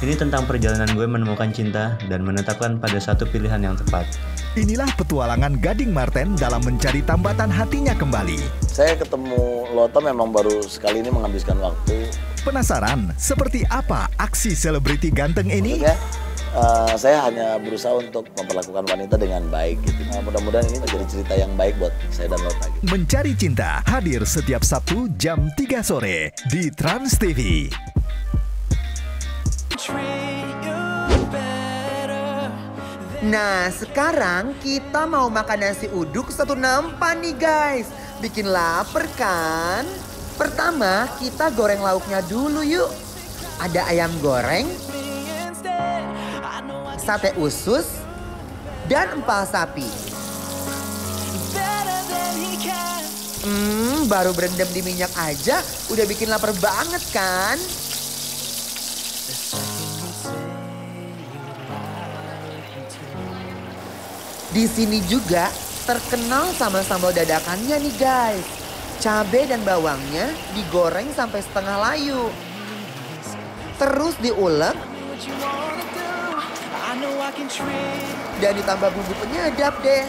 Ini tentang perjalanan gue menemukan cinta dan menetapkan pada satu pilihan yang tepat. Inilah petualangan Gading Marten dalam mencari tambatan hatinya kembali. Saya ketemu Lota memang baru sekali ini menghabiskan waktu. Penasaran seperti apa aksi selebriti ganteng ini? uh, saya hanya berusaha untuk memperlakukan wanita dengan baik gitu. Nah, mudah-mudahan ini menjadi cerita yang baik buat saya dan Lota. Gitu. Mencari cinta hadir setiap Sabtu jam 3 sore di Trans TV. Nah, sekarang kita mau makan nasi uduk satu nampan nih guys. Bikin lapar kan? Pertama, kita goreng lauknya dulu yuk. Ada ayam goreng, sate usus, dan empal sapi. Hmm, baru berendam di minyak aja udah bikin lapar banget kan? Di sini juga terkenal sama sambal dadakannya nih guys. Cabai dan bawangnya digoreng sampai setengah layu. Terus diulek. Dan ditambah bumbu penyedap deh.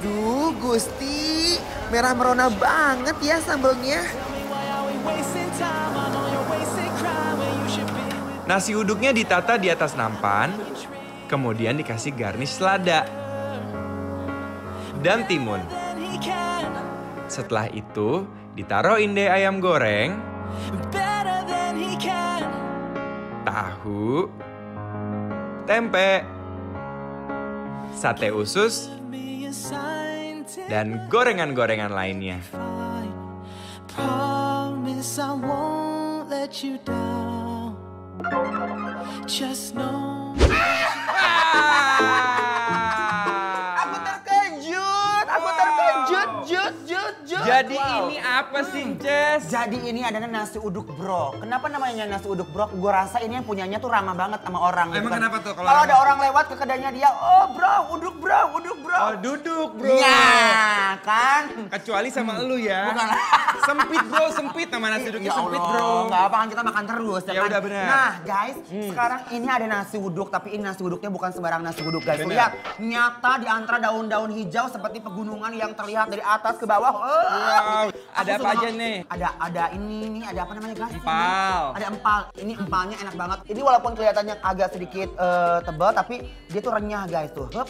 Duh Gusti, merah merona banget ya sambalnya. Nasi uduknya ditata di atas nampan, kemudian dikasih garnish selada dan timun. Setelah itu, ditaruhin deh ayam goreng, tahu, tempe, sate usus, dan gorengan-gorengan lainnya. Promise I won't let you down. Just know. Jadi wow. ini apa sih, hmm. Jess? Jadi ini adalah nasi uduk bro. Kenapa namanya nasi uduk bro? Gue rasa ini yang punyanya tuh ramah banget sama orang. Gitu Emang kan. kenapa tuh? Kalau ada orang lewat ke kedainya dia, oh bro, uduk bro, uduk bro. Oh duduk bro. Ya kan? Kecuali sama hmm. lu ya. Bukan. sempit bro, sempit nama nasi uduknya ya sempit bro. Gak apa kan kita makan terus ya, ya kan? udah bener. Nah guys, hmm. sekarang ini ada nasi uduk tapi ini nasi uduknya bukan sembarang nasi uduk guys. Bener. Lihat, nyata di antara daun-daun hijau seperti pegunungan yang terlihat dari atas ke bawah. Oh. Wow. Ada apa aja nih? Ada ada ini nih, ada apa namanya guys? Empal. Ada empal. Ini empalnya enak banget. Ini walaupun kelihatannya agak sedikit uh, tebal tapi dia tuh renyah guys tuh. Hup.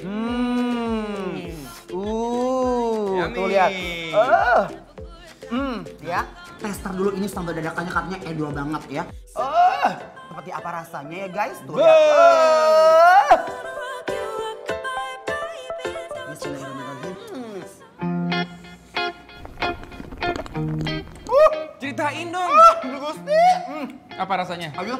Hmm. Uh, Yummy. tuh lihat. Uh. Hmm, ya. Tester dulu ini sambal dadakannya katanya edo banget ya. Oh. seperti apa rasanya ya guys tuh. lihat. ceritain dong. Ah, Gusti. Hmm. Apa rasanya? Ayo,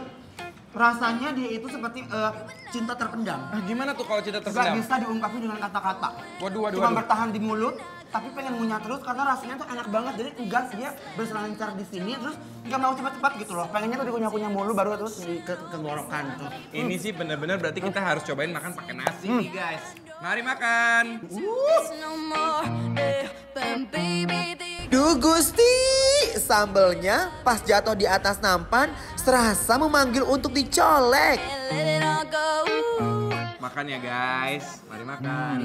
Rasanya dia itu seperti uh, cinta terpendam. Nah, gimana tuh kalau cinta terpendam? Gak bisa diungkapin dengan kata-kata. Waduh, waduh, Cuma waduh. bertahan di mulut, tapi pengen ngunyah terus karena rasanya tuh enak banget. Jadi enggan dia berselancar di sini, terus nggak mau cepat-cepat gitu loh. Pengennya tuh dikunyah-kunyah mulu, baru terus di ke tenggorokan tuh. Hmm. Ini sih bener-bener berarti kita hmm. harus cobain makan pakai nasi hmm. nih guys. Mari makan. Uh. Eh, Duh Gusti sambelnya pas jatuh di atas nampan serasa memanggil untuk dicolek. Makan ya guys, mari makan.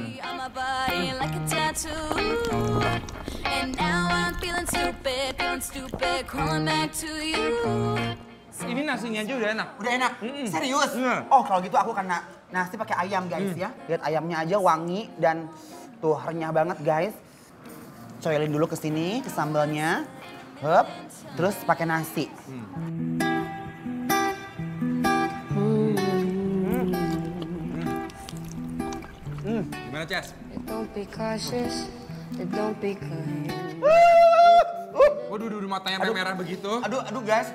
Ini nasinya aja udah enak. Udah enak. Mm -mm. Serius? Mm. Oh, kalau gitu aku karena nasi pakai ayam, guys mm. ya. Lihat ayamnya aja wangi dan tuh renyah banget, guys. Coyelin dulu ke sini, ke sambalnya. Hup, terus pakai nasi. Hmm. Hmm. Hmm. Gimana, Ces? Waduh, duduk matanya aduh, merah begitu. Aduh, aduh guys.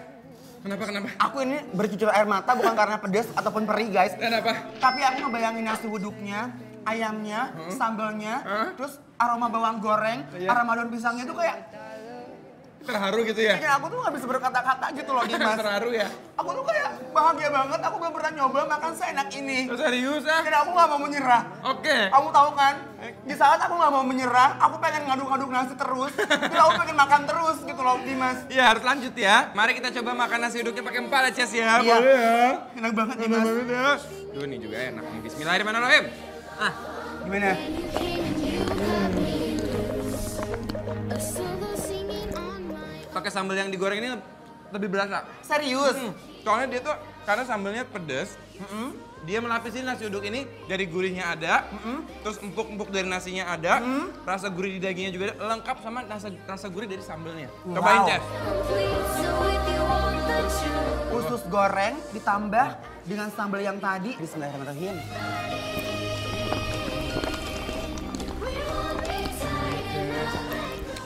Kenapa, kenapa? Aku ini bercucur air mata bukan karena pedes ataupun perih guys. Kenapa? Tapi aku ngebayangin nasi wuduknya, ayamnya, hmm? sambalnya, huh? terus aroma bawang goreng, yeah. aroma daun pisangnya itu kayak terharu gitu ya? Kayak aku tuh gak bisa berkata-kata gitu loh Dimas. terharu ya? Aku tuh kayak bahagia banget, aku belum pernah nyoba makan seenak ini. Oh, serius ah? Dan aku gak mau menyerah. Oke. Okay. Kamu tahu kan, di saat aku gak mau menyerah, aku pengen ngaduk-ngaduk nasi terus. Terus aku pengen makan terus gitu loh Dimas. Iya harus lanjut ya. Mari kita coba makan nasi uduknya pakai empal aja sih ya. Iya. ya. Enak banget Dimas. Enak banget ya. Duh ini juga enak Bismillahirrahmanirrahim. Ah, gimana? Hmm. pakai sambal yang digoreng ini lebih berasa. Serius? Hmm. Soalnya dia tuh karena sambalnya pedes, mm -hmm. dia melapisi nasi uduk ini dari gurihnya ada, mm -hmm. terus empuk-empuk dari nasinya ada, mm -hmm. rasa gurih di dagingnya juga ada, lengkap sama rasa rasa gurih dari sambalnya. Wow. Cobain Chef. Usus goreng ditambah dengan sambal yang tadi. Bismillahirrahmanirrahim.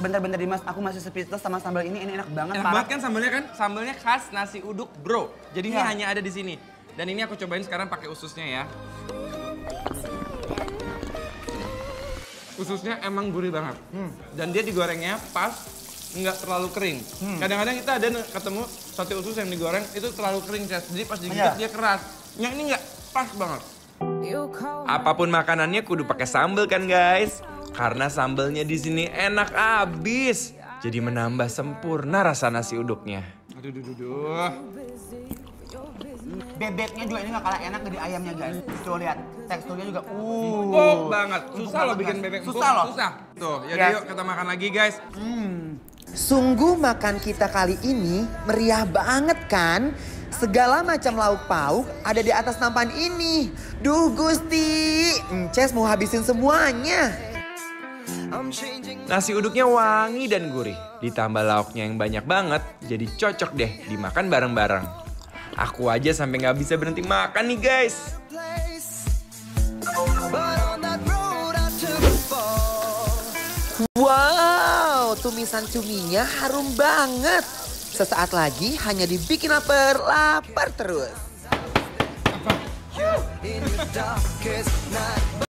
bentar-bentar Dimas, aku masih speechless sama sambal ini, ini enak banget. Enak banget kan sambalnya kan? Sambalnya khas nasi uduk, bro. Jadi ini iya. hanya ada di sini. Dan ini aku cobain sekarang pakai ususnya ya. Ususnya emang gurih banget. Hmm. Dan dia digorengnya pas, nggak terlalu kering. Hmm. Kadang-kadang kita ada ketemu sate usus yang digoreng itu terlalu kering, Jadi pas digigit iya. dia keras. Yang ini nggak pas banget. Apapun makanannya kudu pakai sambal kan, guys. Karena sambelnya di sini enak abis. Jadi menambah sempurna rasa nasi uduknya. Aduh, duh, duh, duh. Bebeknya juga ini gak kalah enak dari ayamnya guys. Tuh lihat, teksturnya juga uh. Oh, banget. Susah loh bikin bebek Susah loh. Susah. Tuh, ya yes. yuk kita makan lagi guys. Hmm. Sungguh makan kita kali ini meriah banget kan? Segala macam lauk pauk ada di atas nampan ini. Duh Gusti, Ces mau habisin semuanya. Nasi uduknya wangi dan gurih, ditambah lauknya yang banyak banget, jadi cocok deh dimakan bareng-bareng. Aku aja sampai nggak bisa berhenti makan nih guys. Wow, tumisan cuminya harum banget. Sesaat lagi hanya dibikin lapar, lapar terus. Apa?